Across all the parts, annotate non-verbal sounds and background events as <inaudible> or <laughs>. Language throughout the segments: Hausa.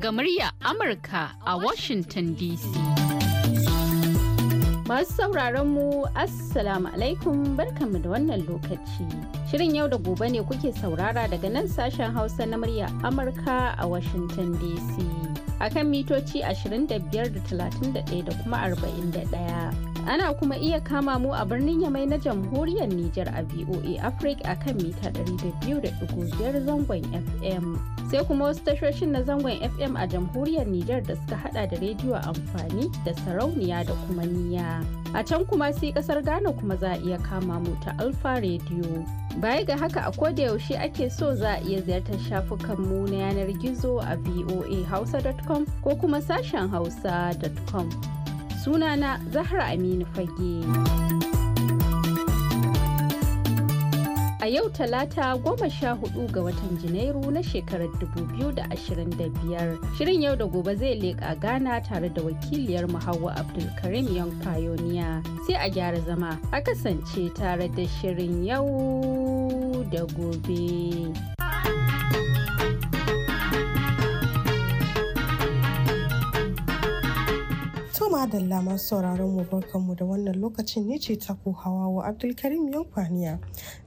daga murya Amurka a Washington DC. Masu sauraron mu Assalamu alaikum barkanmu da wannan lokaci. Shirin yau da gobe ne kuke saurara daga nan sashen Hausa na murya Amurka a Washington DC. Akan mitoci 25 da 31 da kuma 41. Ana kuma iya kama mu a birnin Yamai na jamhuriyar Nijar a VOA Africa a kan mita 200.5 zangon FM. Sai kuma wasu tashoshin na zangon FM a jamhuriyar Nijar da suka hada da rediyo amfani da sarauniya da kuma niya. A can kuma sai kasar Ghana kuma za a iya kama mu ta Alfa Radio. Baya ga haka a koda yaushe ake so za a iya ziyartar shafukan mu na yanar gizo a voahausa.com ko kuma sashen hausa.com. sunana Zahra Aminu Fage. A yau talata goma sha hudu ga watan Janairu na shekarar 2025 shirin yau da gobe zai leƙa gana tare da wakiliyar Hauwa Abdulkarim Young Pioneer sai a gyara zama a kasance tare da shirin yau da gobe. madalla masu sauraron mu barkanmu da wannan lokacin ne ce ta kohawa hawa wa Abdulkarim Yankwaniya.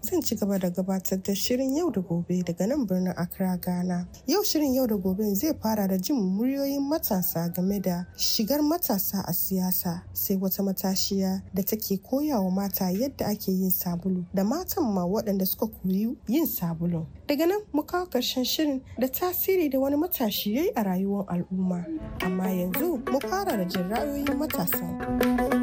Zan ci gaba da gabatar da shirin yau da gobe daga nan birnin Accra Ghana. Yau shirin yau da gobe zai fara da jin muryoyin matasa game da shigar matasa a siyasa sai wata matashiya da take koya wa mata yadda ake yin sabulu da matan ma waɗanda suka koyi yin sabulu. Daga nan mu kawo ƙarshen shirin da tasiri da wani matashi ya yi a rayuwar al'umma. Amma yanzu mu fara da jin very much hassle.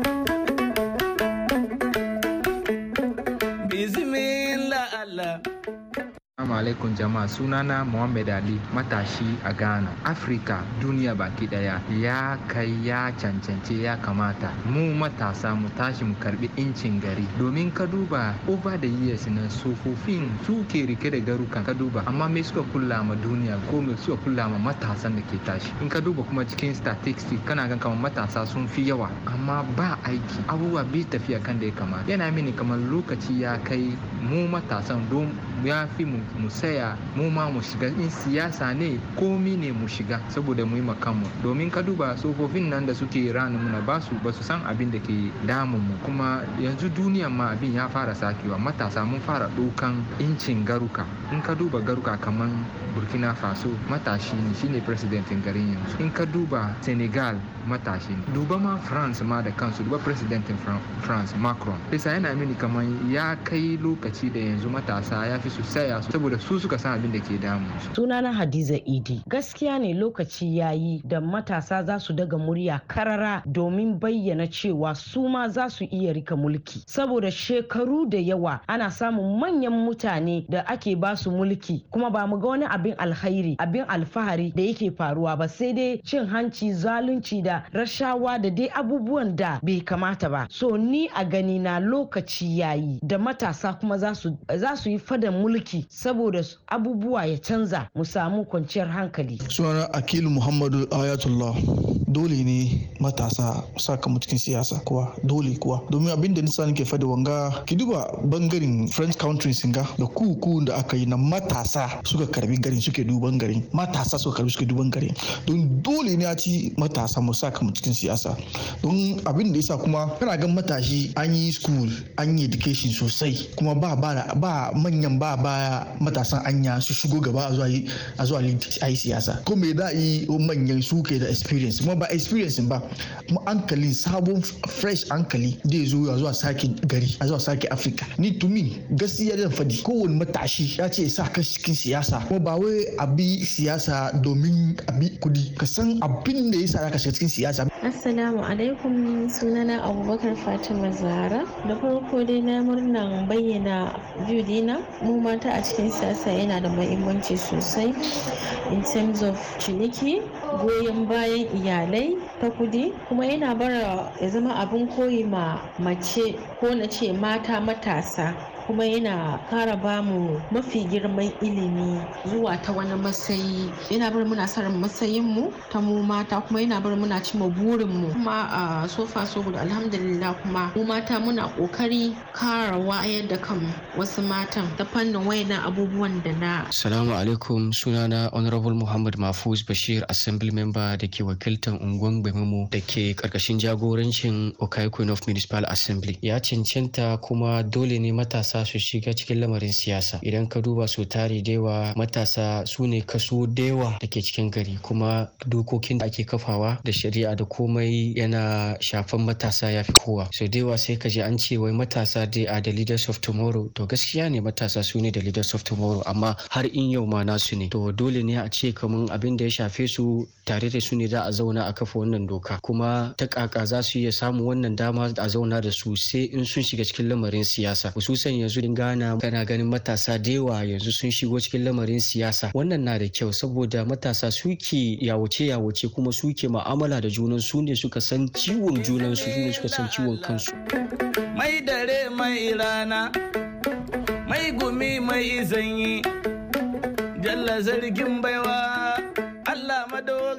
Assalamu alaikum jama'a sunana Muhammad Ali matashi a Ghana. Afirka duniya baki daya ya kai ya cancance ya kamata mu matasa mu tashi mu karbi incin gari domin ka duba over the years na tsofaffin su ke rike da garukan ka duba amma me suka kula ma duniya ko me suka kula ma matasan da ke tashi in ka duba kuma cikin statistics kana gan kamar matasa sun fi yawa amma ba aiki abubuwa bi tafiya kan da ya kamata yana mini kamar lokaci ya kai mu matasan don ya fi mu mu saya mu ma mu shiga in siyasa ne komi ne mu shiga saboda mu yi kanmu domin ka duba tsofaffin nan da suke rana muna ba su ba su san abin da ke damun mu kuma yanzu duniyan ma abin ya fara sakewa matasa mun fara ɗaukan incin garuka in ka duba garuka kaman burkina faso matashi shine presidentin garin yanzu in ka duba senegal matashi duba ma france ma da kansu duba presidentin france macron bisa yana mini kamar ya kai lokaci da yanzu matasa ya fi su saya saboda su suka san abin da ke damu sunana hadiza idi gaskiya ne lokaci ya yi da matasa za su daga murya karara domin bayyana cewa su ma za su iya rika mulki saboda shekaru da yawa ana samun manyan mutane da ake ba su mulki kuma ba mu ga wani abin alhairi abin alfahari da yake faruwa ba sai dai cin hanci zalunci da rashawa da dai abubuwan da bai kamata ba so ni a gani na lokaci yayi da matasa kuma za su yi fadan mulki saboda abubuwa ya canza mu samu kwanciyar hankali suna akilu muhammadu ayatullah dole ne matasa sa kamu cikin siyasa kuwa dole kuwa domin abin da nisa ke faɗi wanga ki duba bangaren french country singa da kuku da aka yi na matasa suka karbi garin suke duban garin matasa suka karbi suke duban garin don dole ne a ci matasa mu sa kamu cikin siyasa don abin da yasa kuma kana gan matashi an yi school an yi education sosai kuma ba ba ba manyan ba baya matasan anya su shigo gaba a zuwa a yi siyasa ko me da yi manyan su ke da experience kuma ba experience ba kuma ankali sabon fresh ankali da ya zo ya zuwa sake gari a zuwa sake afirka ni to me gaskiya da fadi kowane matashi ya ce sa ka cikin siyasa ko ba wai abi siyasa domin abi kudi ka san abin da yasa ka shiga cikin siyasa assalamu alaikum sunana abubakar fatima zahara da farko dai na murnan bayyana biyu dina mu mata a cikin siyasa yana da muhimmanci sosai in terms of ciniki goyon bayan iyalai ta kudi kuma yana bara ya zama abin koyi ma mace ko na ce mata matasa kuma yana kara bamu mafi girman ilimi zuwa ta wani matsayi yana bar muna sarin matsayin mu ta mu mata kuma yana bar muna cima burin mu kuma a sofa so good alhamdulillah kuma mu mata muna kokari kara wayar da kan wasu matan ta fannin wayannan abubuwan da na assalamu alaikum sunana honorable muhammad mafuz bashir assembly member da ke wakiltar unguwan gbemimo da ke karkashin jagorancin okaiko north municipal assembly ya cancanta kuma dole ne matasa su shiga cikin lamarin siyasa idan ka duba su tari dewa matasa su ne kaso dewa da ke cikin gari kuma dokokin da ake kafawa da shari'a da komai yana shafan matasa ya fi kowa so dewa sai ka je an ce wai matasa dai a da leaders of tomorrow to gaskiya ne matasa su ne da leaders of tomorrow amma har in yau ma su ne to dole ne a ce kaman abin da ya shafe su tare da su ne za a zauna a kafa wannan doka kuma ta kaka za su iya samu wannan dama a zauna da su sai in sun shiga cikin lamarin siyasa hususan yanzu din gana kana ganin matasa da yawa yanzu sun shigo cikin lamarin siyasa wannan na da kyau saboda matasa suke yawace yawace kuma suke ma'amala da junan su ne suka san ciwon junan su ne suka san ciwon kansu mai dare mai rana mai gumi mai zanyi jalla zargin baiwa Allah madawa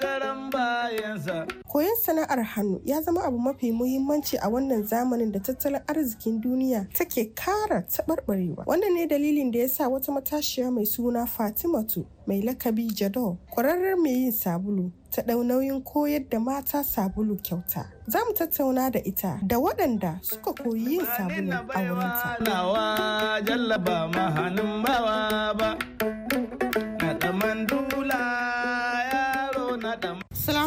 Koyon sana'ar hannu ya zama abu mafi muhimmanci a wannan zamanin da tattalin arzikin duniya take kara taɓarɓarewa. Wannan ne dalilin da ya sa wata matashiya mai suna Fatimatu mai lakabi Jado, ƙwararren mai yin sabulu, ta ɗau nauyin koyar da mata sabulu kyauta. Za mu tattauna da ita da waɗanda suka koyi yin sabulu a wurinta.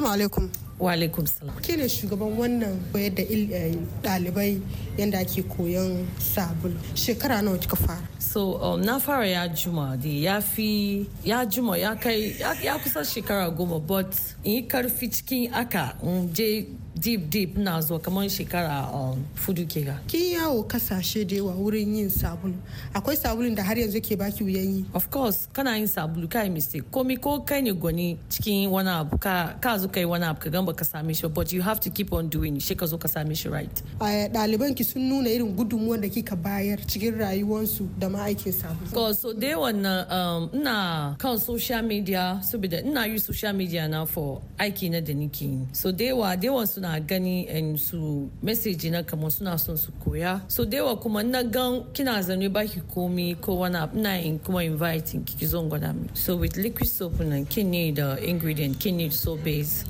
alaikum. Walaikum salam. Ke ne shugaban wannan koyar da eh, ɗalibai yadda ake koyon sabulu. Shekara nawa kika fara? So um, na fara ya juma da ya fi ya juma ya kai ya kusa shekara goma but in yi karfi cikin aka je deep deep na zuwa kamar shekara um, fudu ke ga kin yawo kasashe da yawa wurin yin sabulu akwai sabulun da har yanzu ke baki wuyan yi of course kana yin sabulu kai mistake komi ko kai ne gwani cikin wani abu ka ka zo kai wani abu ka gan baka same shi but you have to keep on doing shi ka zo ka same shi right ɗaliban ki sun nuna irin gudunmuwan da kika bayar cikin rayuwarsu da aikin sabulu so da yawan na um, ina kan social media saboda ina yi social media na for aiki na da nike so da yawa da suna gani and su message na kamar suna son su koya so dewa kuma na gan kina zaune baki komi ko wani abu ina in kuma inviting kiki zon gwada mi so with liquid soap nan kin ne da ingredient kin ne soap base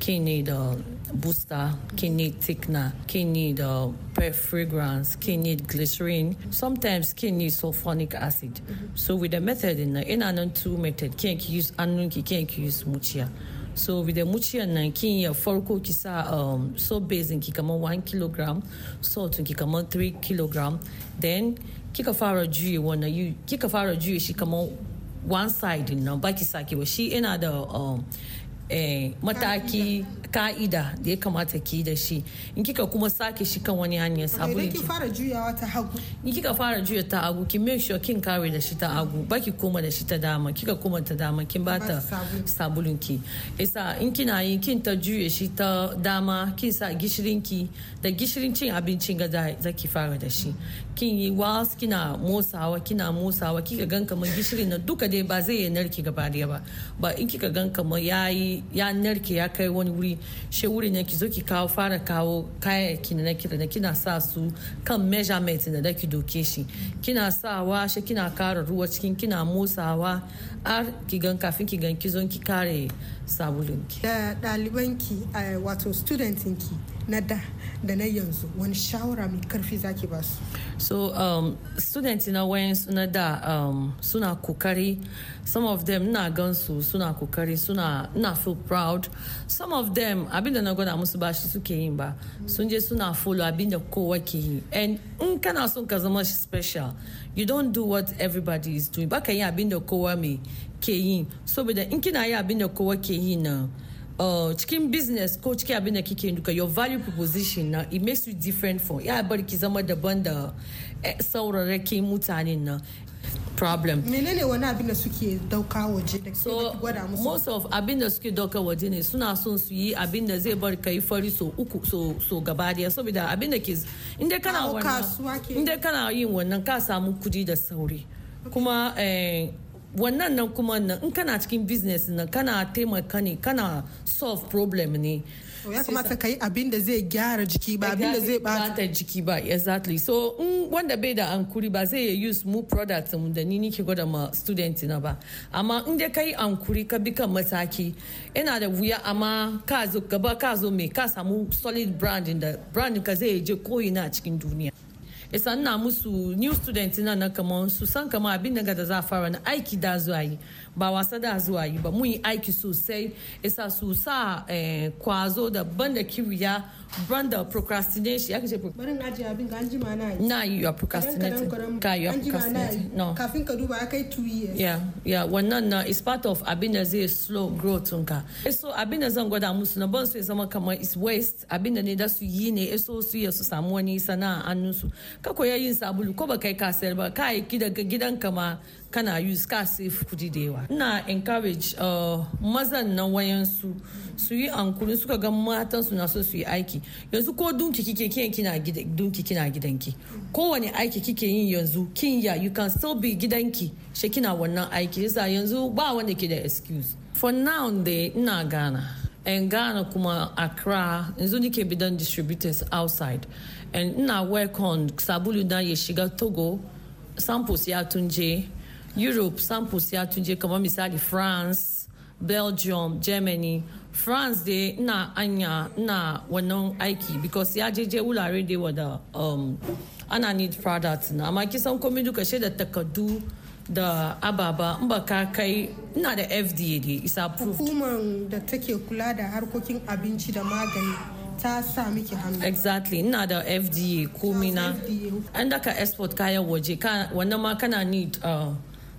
kin ne da booster, can need thickener, can need uh, per fragrance, can need glycerin, sometimes can need sulfonic acid. So with the method na the in two method, can't use anun, can't use muchia. so with the muciyan nan kin ya farko ki sa um, so basin ki kamar 1 kg salt ki kamar 3 kg then kika fara juye wannan kika fara juye shi kamar one side nan baki saki ba shi yana da um, Eh, mataki ka'ida da ya kamata ki da shi in kika kuma sake shi kan wani hanya sabu ki fara juyawa ta hagu in kika fara juya ta hagu ki make sure kin kare da shi ta hagu baki koma da shi ta dama kika koma ta dama kin ba ta sabulun ki isa in kina yi kin ta juya shi ta dama kin sa gishirin ki da gishirin cin abincin ga za ki fara da shi kin yi was kina motsawa kina motsawa kika gan kamar gishirin na duka dai ba zai yi narki gaba ba ba in kika gan kamar yayi ya narke ya kai wani wuri shi wurin na ki zo ki kawo fara kawo kayayyaki na nake da kina sa su kan measurement na nake doke shi kina sawa shi kina kara ruwa cikin kina motsawa har ki gan kafin ki gan ki zo ki kare sabulun ki da ɗaliban ki eh, wato student ki na da da na yanzu wani shawara mai karfi zaki ba su so um, student na wayan na da um, suna kokari some of them na gansu suna kokari suna na feel proud some of them abinda na gwada musu ba shi suke yin ba sun je suna follow abinda kowa ke yi and in kana son ka zama special you don't do what everybody is doing baka yi abinda kowa mai ke yi saboda in kina yi abinda kowa ke yi na uh, cikin business ko cikin abin da kike duka your value proposition na it makes you different from ya bari ki zama daban eh, da saurarrakin mutanen na problem. menene wani abin da suke dauka waje da so gwada musu most of abin da suke dauka waje ne suna son su yi abin da zai bar kai fari so uku so so gaba daya saboda abin da ke inda kana wannan inda kana yin wannan ka samu kudi da sauri kuma eh, wannan nan kuma nan in kana cikin business na kana taimaka ne kana solve problem ne ya kamata ka yi abin da zai gyara jiki ba abin da zai bata jiki ba exactly so in wanda bai da ankuri ba zai use mu product mu da ni nike gwada ma student na ba amma in dai ka yi ankuri ka bi kan mataki yana da wuya amma ka zo gaba ka zo mai ka samu solid brand da brand ka zai je koyi na cikin duniya isa ina musu new student na na kamar su san kama abin da za a fara na aiki da zuwa yi ba wasa da zuwa yi ba mun yi aiki sosai isa su sa eh, kwazo da banda kiwiya banda procrastination ya kace barin aji abin ga anjima na yi na yi ya are procrastinating ka yi are procrastinating no kafin ka duba kai 2 years ya ya wannan na is part of abin da zai slow growth ka so abin da zan gwada musu na ban su ya zama kamar is waste abin da ne da su yi ne so su ya su samu wani sana'a hannun su ka koya yin sabulu ko ba kai ka sayar ba ka yi gidanka ma kana use ka save kudi da yawa ina encourage uh, mazan na wayansu su yi ankuri suka ga matan su na so su yi aiki yanzu ko dunki kike kiyan kina dunki kina gidanki kowane aiki kike yin yanzu kin ya you can still be gidanki she kina wannan aiki yasa yanzu ba wanda ke da excuse for now dai ina gana and Ghana kuma Accra yanzu nike bidan distributors outside and ina work on sabulu na ya shiga Togo samples ya tunje europe sample ya tun je kamar misali france belgium germany france dai na anya na wannan aiki because ya jeje wurare dai wada um, ana need product na amma kisan komai duka shaidar takardu da ababa in ba ka kai ina da fda dai isa approved hukumar da take kula da harkokin abinci da magani ta sa miki hannu exactly ina da fda komai na an daga export kayan waje wannan ma kana need uh,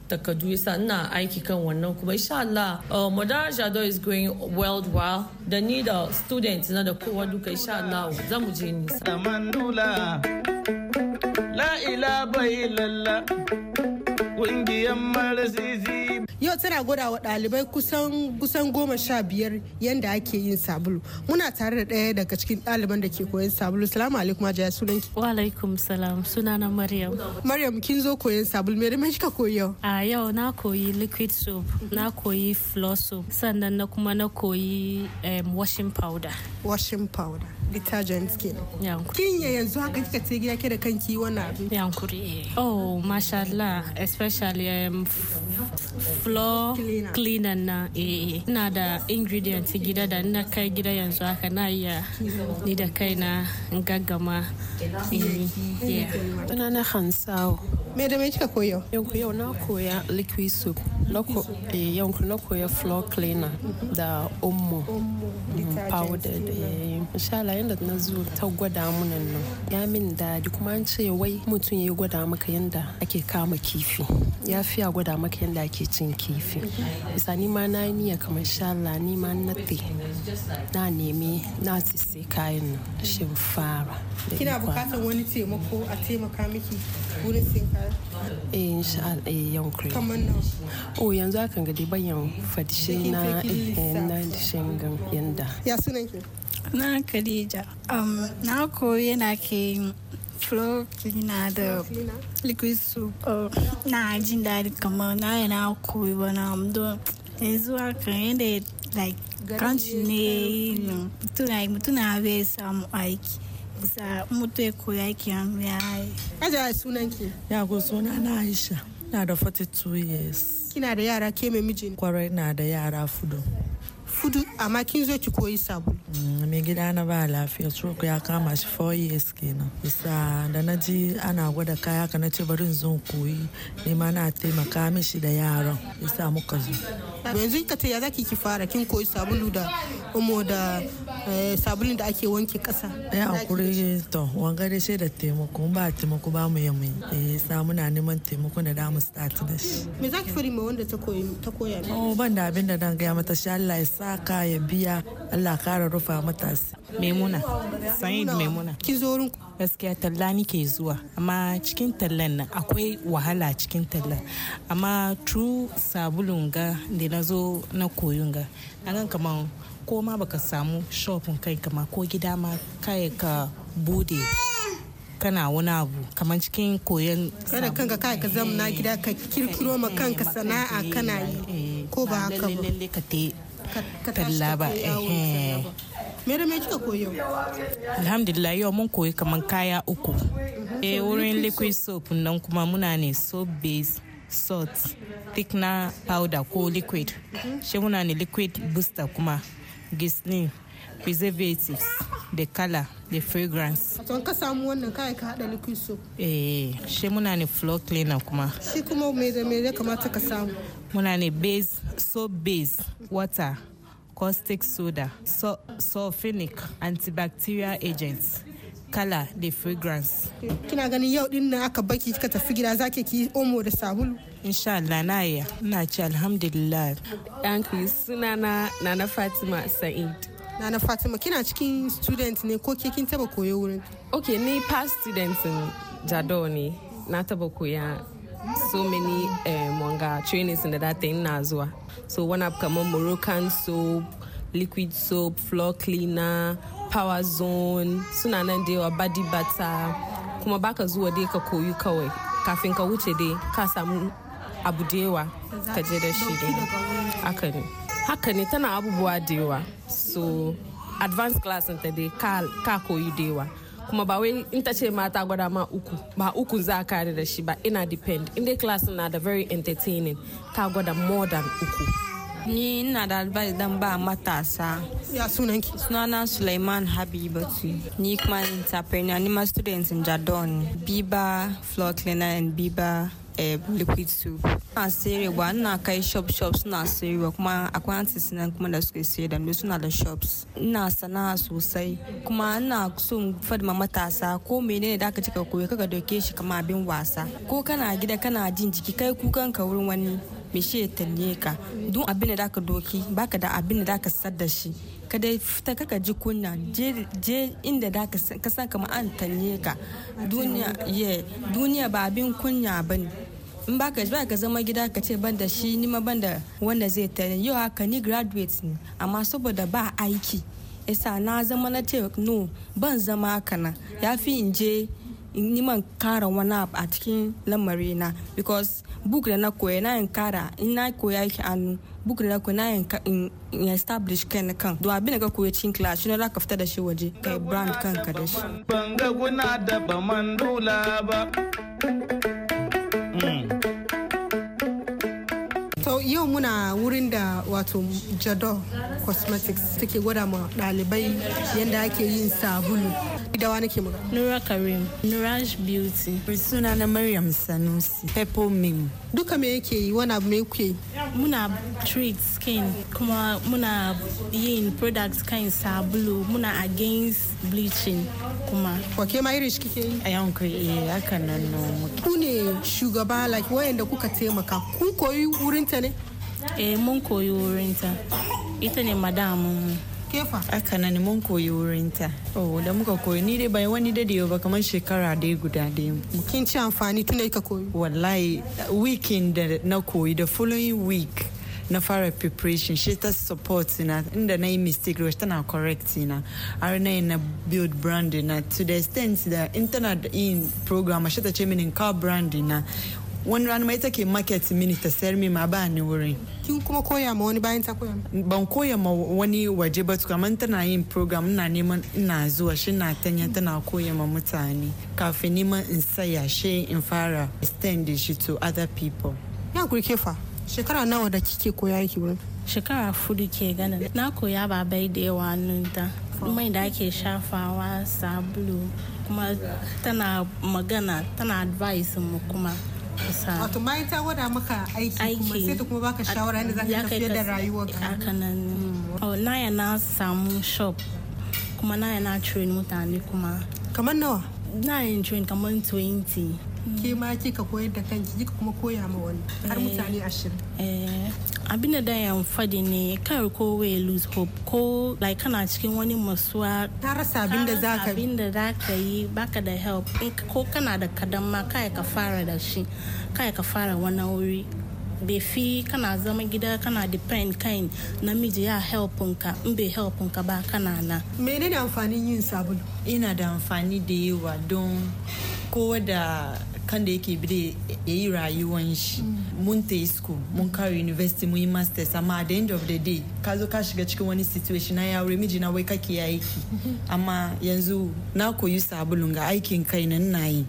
takardu yasa ina aiki kan wannan kuma insha Allah uh, Madara Jado is going well da ni da student na da kowa duka insha Allah za mu je nisa. la ila bai lalla kungiyan mara yau tana gwada wa dalibai kusan kusan goma sha biyar yanda ake yin sabulu muna tare da ɗaya daga cikin ɗaliban da ke koyan sabulu salamu alaikum ajiya sunan ki wa alaikum salam sunana maryam maryam kin zo koyan sabulu me da kika koyi yau a yau na koyi liquid soap na koyi floor soap sannan na kuma na koyi washing powder washing powder detergent skin. kin ya yanzu haka kika ce gida ke da kanki wani abu? yankuri oh masha Allah especially um, floor cleaner na eh ina da ingredients gida da ina kai gida yanzu haka na iya ni da kai na gaggama ina eh, na hansawo me da me kika koyo yanku yau na koya liquid soup eh, yanku na koya floor cleaner da omo powder da inshallah da na zo ta gwada mun nan ya min daɗi kuma an ce wai mutum ya gwada maka yadda ake kama kifi ya fiya gwada maka yadda ake cin kifi isa ni ma na niyya kamar Allah ni ma na te na nemi na sisse kayan nan shin fara kina bukatar wani taimako a taimaka miki wurin sin kayan eh insha Allah eh yankuri kamar nan oh yanzu akan ga dai bayan fadishe na eh, na dishin yanda ya sunan ki na um, na koyi yana flow cleaner liquid soup. Oh, na jin daɗi kamar na yana samu um, aiki. bisa mutu ya koya aiki hannu ya yi. Aja Ya go na Aisha. Na da 42 years. Kina da yara ke mai miji? Kwarai na da yara fudu. Fudu amma kin zo ki mai gida na ba lafiya stroke ya kama shi 4 years kenan bisa da na ji ana gwada kaya ka na ce bari in zo koyi ne ma na taimaka mishi da yaran isa muka zo yanzu ka ce ya zaki ki fara kin koyi sabulu da umo da eh, sabulun da ake wanke kasa ya hakuri to wanga da sai da taimako ba taimako ba mu yamu eh sa muna neman taimako da damu start da shi me zaki fari ma wanda ta koyi ta koya oh, ban da abin da dan ga mata sha Allah ya saka ya biya Allah kara rufa mata Lucas Maimuna. Sa'id Maimuna. Ki zo wurin gaskiya talla nike zuwa amma cikin tallan nan akwai wahala cikin tallan amma true sabulun ga da na zo na koyun ga na gan kamar ko ma baka samu shopin kai kama ko gida ma kai ka bude kana wani abu kamar cikin koyon kada kanka kai ka zama na gida ka kirkiro ma kanka eh, eh, sana'a eh, kana yi ko ba haka ba ka ka talla ba me da kika koyo alhamdulillah yau mun koyi kaman kaya uku eh wurin liquid soap nan kuma muna ne soap base salt thickener powder ko liquid shi muna ne liquid booster kuma gisnin preservatives the color the fragrance. Wato ka samu wannan kai ka hada liquid soap. Eh, shi muna ne floor cleaner kuma. Shi kuma me da me ya kamata ka samu? Muna ne base soap base water caustic soda, so sulfonic, antibacterial agents. kala da fragrance. Kina ganin yau din nan aka baki kika tafi gida zaki ki omo da sabulu? Insha Allah na iya. Ina ci alhamdulillah. Thank you. na Nana Fatima Sa'id. Nana Fatima kina cikin student ne ko ke kin taba koyo wurin? Okay, ni past student Jado ne. Na taba koya so many um, Manga trainings and that thing well. So one up come on Moroccan soap, liquid soap, floor cleaner, power zone, suna nan da yawa body butter. Kuma baka zuwa dai ka koyi kawai kafin ka wuce de, ka mu abu da yawa ka je da shi Haka ne tana abubuwa da So advanced class ta dai ka koyi da kuma ba wai in ta ce mata gwada ma uku ba uku za a kare da shi ba ina depend in dai class na da very entertaining ta gwada more than uku ni ina da albari dan ba matasa ya sunan ki sunana Suleiman Habibatu ni kuma entrepreneur ni ma student in Jadon Biba floor cleaner and Biba Eh, liquid soup sayarwa ina kai shop shop suna sayarwa kuma akwai aunties nan kuma da suke sayar da mu suna da shops ina sana'a sosai kuma ina so fadma matasa ko menene da aka cika koyo kaga doke shi kama abin wasa ko kana gida kana jin jiki kai kukan ka wurin wani me shi ya talle ka don abin da ka doki baka da abin da ka sadda shi ka dai fita kaka ji kunya je inda da ka san kama an talle ka duniya ba abin kunya bane in baka ba ka zama gida ka ce banda shi ni ma banda wanda zai tare yau haka ni graduate ne amma saboda ba aiki isa na zama na ce no ban zama haka na ya fi in je in kara wani a cikin lamari na because book da na koya na yin kara in na koya yake hannu book da na koya na in establish kai kan do abin da ka koya cikin class za ka fita da shi waje kai brand kanka da shi ban ga guna da ba ba yau muna wurin da wato jado cosmetics take gwada ma ɗalibai yadda ake yin sabulu dawa nake magana nura karim nuraj beauty suna na maryam sanusi peppermint duka me yake yi wani abu me kuke muna treat skin kuma muna yin products kan sabulu muna against bleaching kuma wake ma irin shi kike yi a yanku eh haka nan no ku ne shugaba like da kuka taimaka ku koyi wurinta ne eh mun koyi wurinta ita ne madamu kefa aka ne mun koyi wurinta oh da muka koyi ni dai bai wani dade ba kamar shekara dai guda dai kin ci amfani tun ka koyi wallahi weekend da na koyi da following week na fara preparation she ta support na inda na yi mistake rush tana correct na har na yi na build brand na to the extent da in tana da yin program she ta ce mini ka brand na wani rana mai take market mini ta sayar min ma ba ni wurin kin kuma koya ma wani bayan ta koya ban koya ma wani waje ba man tana yin program ina neman ina zuwa shi na tanya tana koya ma mutane kafin neman in saya shi in fara extend shi to other people ya kuri kefa shekara nawa da kike koya yake wurin shekara fudu ke ganin na koya ba bai da yawa da mai da ake shafawa sabulu kuma tana magana tana advice mu kuma wato bayan ta gwada maka aiki kuma sai ta kuma baka shawara yadda za ka tafiyar da rayuwarka haka nan hmm. oh, naya na samu shop kuma naya na train mutane kuma kamar nawa na yin train kamar 20 ke ma ka koyar da kanki ki kuma koya ma wani har eh, mutane ashirin eh, abin da ya fadi ne kar ko we lose hope ko like kana cikin wani masuwa ta rasa abin da za ka abin da za ka yi baka da help ko kana da kadan ma kai ka fara da shi kai ka fara wani wuri bai fi kana zama gida kana depend kain namiji ya helpinka in bai ka ba kana na menene amfanin yin sabulu Ina da amfani da yawa don ko da kan da yake bide ya yi rayuwan shi mm. mun ta yi school mun kare university mun yi masters amma at the end of the day ka zo ka shiga cikin wani situation na yawo miji na wai kake ya aiki <laughs> amma yanzu na koyi sabulun ga aikin kai nan na yi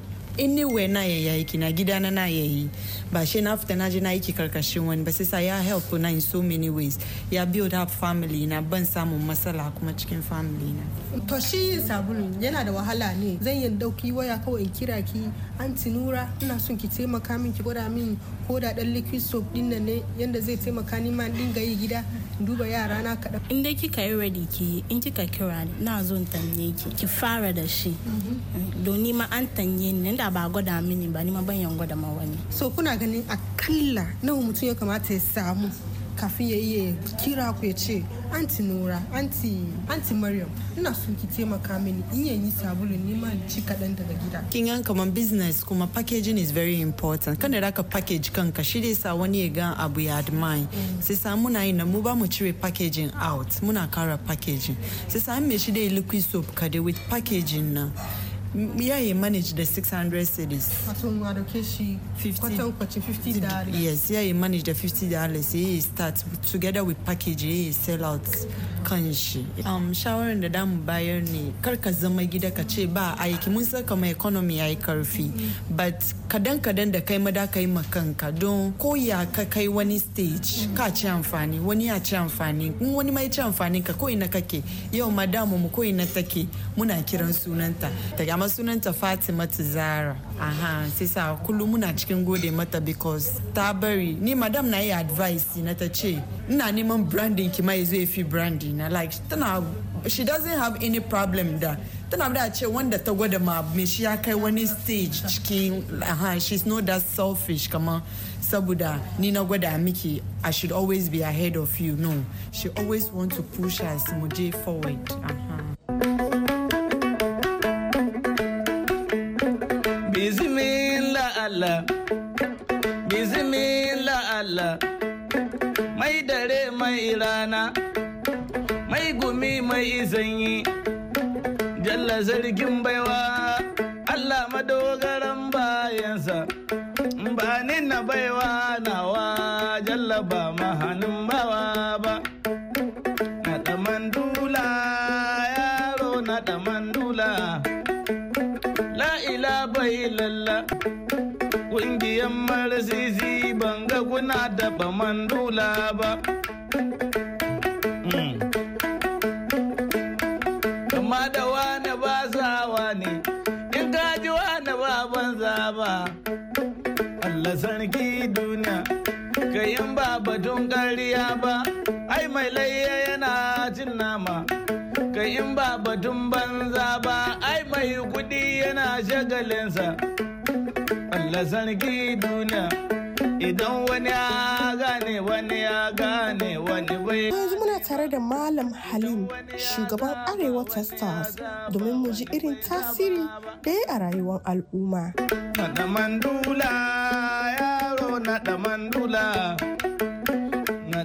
wai na ya aiki na gida na na yayi ba shi na fita na je na aiki karkashin wani ba sai sa ya help na in so many ways ya build up family na ban samun matsala kuma cikin family na to shi yin sabulu yana da wahala ne zan yi dauki waya kawai in kira ki anti nura ina son ki taimaka min ki gwada min ko da dan liquid soap din nan ne yanda zai taimaka ni ma dinga yi gida in duba yara na kaɗan. in dai kika yi ready ki in kika kira ni na zo in tanye ki ki fara da shi mhm. don ni ma an tanye ni da ba gwada mini ba ni ma ban yan gwada ma wani so kuna ganin akalla nawa mutum ya kamata ya samu kafin ya yi kira ku ya ce anti nora anti maryam ina so ki taimaka mini in yi sabulu ni ma ci kaɗan daga gida kin yan kaman business kuma packaging is very important kan da ka package kanka shi dai sa wani ya ga abu ya admire mm. sai sa muna yin mu ba mu cire packaging out muna kara packaging sai sa me shi dai liquid soap ka with packaging na yeah, he managed the 600 cities. $50. Yes, yeah, he managed the $50. He starts together with package, he sell out kanshi. Um, shower in the dam, ne, kar ka zama gida ka ba aiki mun saka economy ya yi karfi. But kadan kadan da kai mada kai makanka don ko ya ka kai wani stage mm-hmm. ka ci amfani, wani ya ci amfani, wani mai ci amfani ka ko ina kake, yau madamu mu ko ina take muna kiran sunanta. Ta amma sunanta Fatima zara aha sai sa kullum muna cikin gode mata because ta bari ni madam na yi advice na ta ce ina neman branding ki mai zai fi branding na like tana she doesn't have any problem da tana da ce wanda ta gwada ma me shi ya kai wani stage cikin aha she's not that selfish kamar saboda ni na gwada miki i should always be ahead of you no she always want to push us mu je forward aha Allah bismillah Allah mai dare mai rana mai gumi mai izanyi jalla zargin baiwa Allah madogaran bayansa ba ni na baiwa nawa jalla ba mahanin bawa ba mandula ba hmm. Amma da wane ba sawa ne in kaji wane ba banza ba Allah sarki duniya kayan ba batun gariya ba ai mai layya yana jin nama kayan ba batun banza ba ai mai kudi yana shagalinsa Allah sarki duniya idan wani ya gane wani ya gane wani bai yanzu muna tare da malam halim shugaban arewa ta stars domin mu ji irin tasiri da ya a rayuwar al'umma naɗa mandula yaro mandula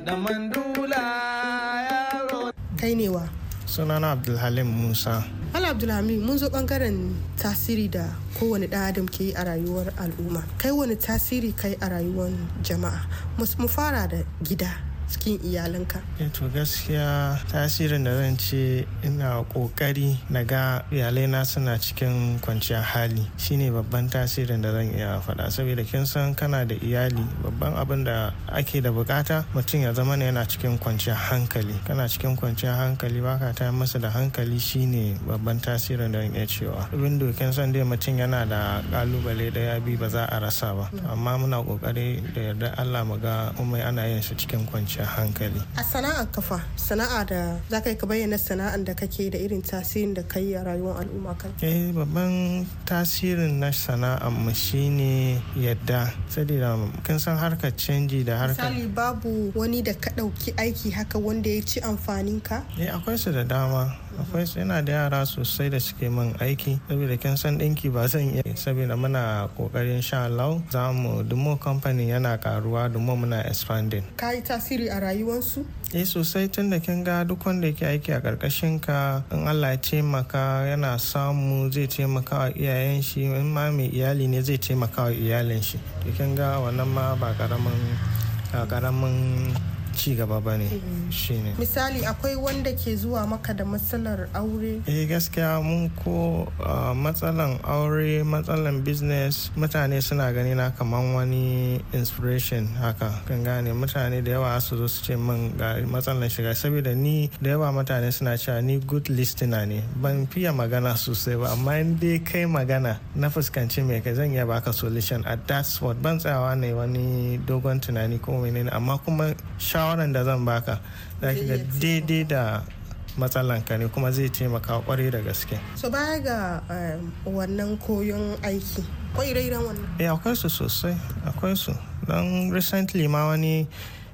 mandula yaro kai ne sunana abdulhalim musa abdulhamid mun zo bangaren tasiri da kowane ɗan adam ke yi a rayuwar al'umma kai wani tasiri kai a rayuwar jama'a mu fara da gida cikin iyalinka? Eh to gaskiya tasirin da zan ce ina kokari na ga iyalaina suna cikin kwanciyar hali shine babban tasirin da zan iya faɗa saboda kin san kana da iyali babban abin da ake da bukata mutum ya zama yana cikin kwanciyar hankali kana cikin kwanciyar hankali baka ta masa da hankali shine babban tasirin da zan iya cewa abin kin san dai mutum yana da kalubale ya biyu ba za a rasa ba amma muna kokari da yarda Allah mu ga umai ana yin shi cikin kwanciyar kwanciyar hankali a sana'ar kafa sana'a da za ka ka bayyana sana'ar da kake da irin tasirin da kai a rayuwar al'umma kan eh babban tasirin na sana'a mu shine yadda saboda kin san harkar canji da harkar misali babu wani da ka dauki aiki haka wanda ya ci amfanin ka eh akwai su da dama akwai yana da yara sosai da suke min aiki saboda kin san dinki ba zan iya saboda muna kokarin sha Allah za mu dumo company yana karuwa dumo muna expanding ka yi tasiri tasiri a rayuwarsu? eh sosai tun da kin ga duk wanda yake aiki a karkashin ka in Allah ya taimaka yana samu zai taimaka wa iyayen shi in ma mai iyali ne zai taimaka wa iyalin shi to kin ga wannan ma ba karamin karamin ci gaba ba ne mm. shine misali akwai wanda ke zuwa maka da matsalar aure eh gaskiya mun ko matsalan aure matsalan business mutane suna gani na kaman wani inspiration haka kan gane mutane da yawa su zo su ce min ga matsalan shiga saboda ni da yawa mutane suna cewa ni good listener ne ban fiya magana sosai ba amma in dai kai magana na fuskanci mai kai zan iya baka solution at that spot ban tsayawa ne wani dogon tunani ko menene amma kuma sha shawaran da zan baka za ki ga daidai da matsalanka ne kuma zai taimaka kwarai da gaske so baya ga eh, wannan koyon aiki akwai ire-iren wannan eh, akwai su sosai akwai su don recently ma wani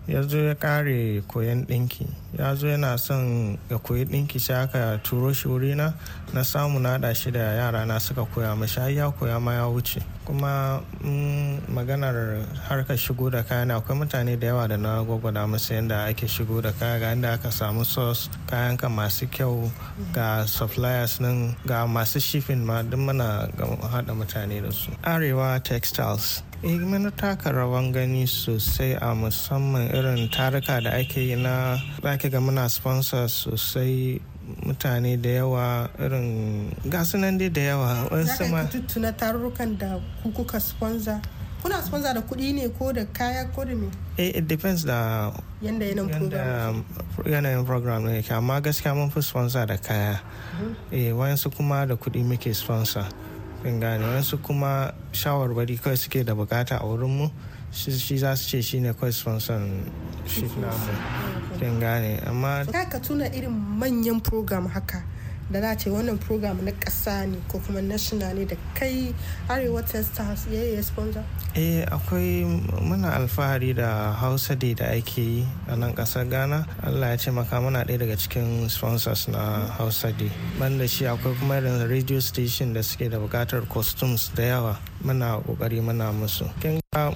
ya zo ya kare koyon ɗinki ya zo yana son ya koyi ɗinki sai aka turo shi wurina na samu naɗa shi da yara na suka koya mashi har ya koya ma ya wuce kuma mm, maganar harkar shigo da kaya akwai mutane da yawa da na gwagwada musu yadda ake shigo da kaya ga inda aka samu sauce kayan ka masu kyau ga suppliers nan ga masu shifin ma duk ga hada mutane da su arewa textiles eh, mana taka rawan gani sosai a musamman irin taruka da ake yi na ki ga muna sponsor sosai mutane da yawa irin gasu nan dai da yawa wani sama tuttuna tarurrukan da kuka sponsor kuna sponsor da kuɗi ne ko da kaya ko da me eh it depends da yanda yanayin program ne yake amma gaskiya mun fi sponsor da kaya mm-hmm. eh wayansu kuma da kuɗi muke sponsor kin gane wayansu kuma shawarwari kawai suke da bukata a wurin mu shi za su ce shi ne kawai sponson shi namu gane amma ka tuna irin manyan program haka da na ce wannan program na ƙasa ne ko kuma national ne da kai arewa testers ya yi sponsor? eh akwai muna alfahari da hausa dai da ake yi a nan ƙasar ghana allah ya ce maka muna ɗaya daga cikin sponsors na hausa day banda shi akwai kuma irin radio station da suke da buƙatar costumes da yawa muna kokari muna musu kin ga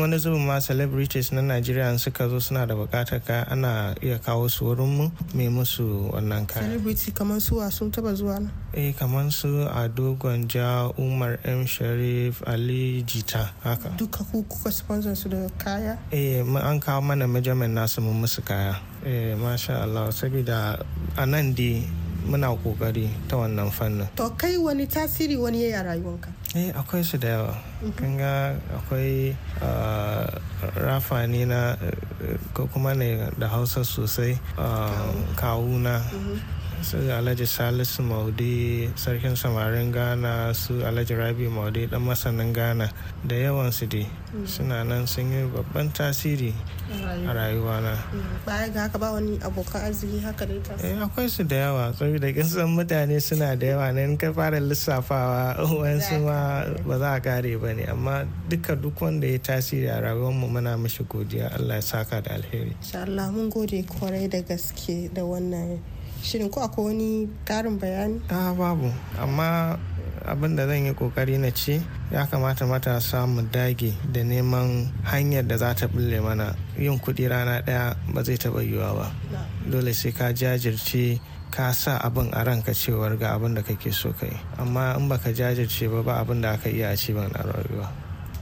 wani zubin ma celebrities na Najeriya suka zo suna da bukatar ka ana iya kawo su wurin mu me musu wannan kaya celebrity kamar su sun taba zuwa na eh kamar su Ado Gwanja Umar M Sharif Ali Jita haka duka ku kuka sponsor su da kaya eh an kawo mana majamin nasu mun musu kaya eh masha Allah saboda anan dai muna kokari ta wannan fannin to kai wani tasiri wani yaya rayuwanka eh akwai su da yawa mhm. kan ga akwai ah, rafa ne na eh, ko kuma ne da hausa sosai ah, kawuna mhm. su alhaji salisu maude sarkin samarin ghana su alhaji rabi maude dan masanin ghana da yawan su dai suna nan sun yi babban tasiri a rayuwana baya ga haka ba wani abokan arziki haka dai ta eh, akwai su da yawa saboda kin san mutane suna da yawa ne in ka fara lissafawa wayansu ma ba za a kare ba ne amma duka duk wanda ya tasiri a rayuwar mu muna mishi godiya Allah ya saka da alheri insha Allah mun gode kwarai da gaske da wannan shirin ko akwai wani karin bayani a babu amma abin da zan yi kokari na ce ya kamata matasa mu dage da neman hanyar da za ta bulle mana yin kuɗi rana ɗaya ba zai taɓa yiwuwa ba dole sai ka jajirce ka sa abin a ranka cewar ga abin da kake so ka amma in baka jajirce ba ba abin da aka iya a ban a rayuwa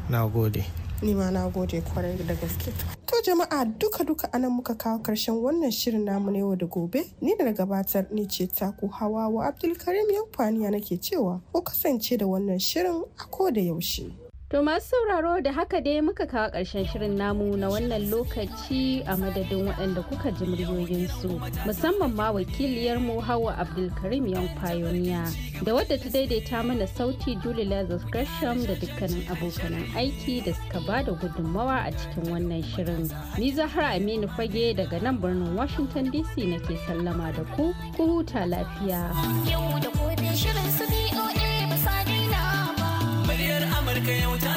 na gode Nima na gode kwarai da gaske. To jama'a duka-duka anan muka kawo karshen wannan shirin namu na yau da gobe. Ni da gabatar ni ce taku hawa wa Abdulkarim Yankwaniya nake cewa ko kasance da wannan shirin a ko da yaushe. To masu sauraro da haka dai muka kawo ƙarshen shirin namu na wannan lokaci a madadin waɗanda kuka ji muryoyinsu musamman ma wakiliyar mu Hawa Abdulkarim yan Pioneer da wadda ta daidaita mana sauti Julie Lazarus Gresham da dukkanin abokanan aiki da suka ba da gudunmawa a cikin wannan shirin. Ni Zahra Aminu Fage daga nan birnin Washington DC nake sallama da ku, ku huta lafiya. Yau da que yo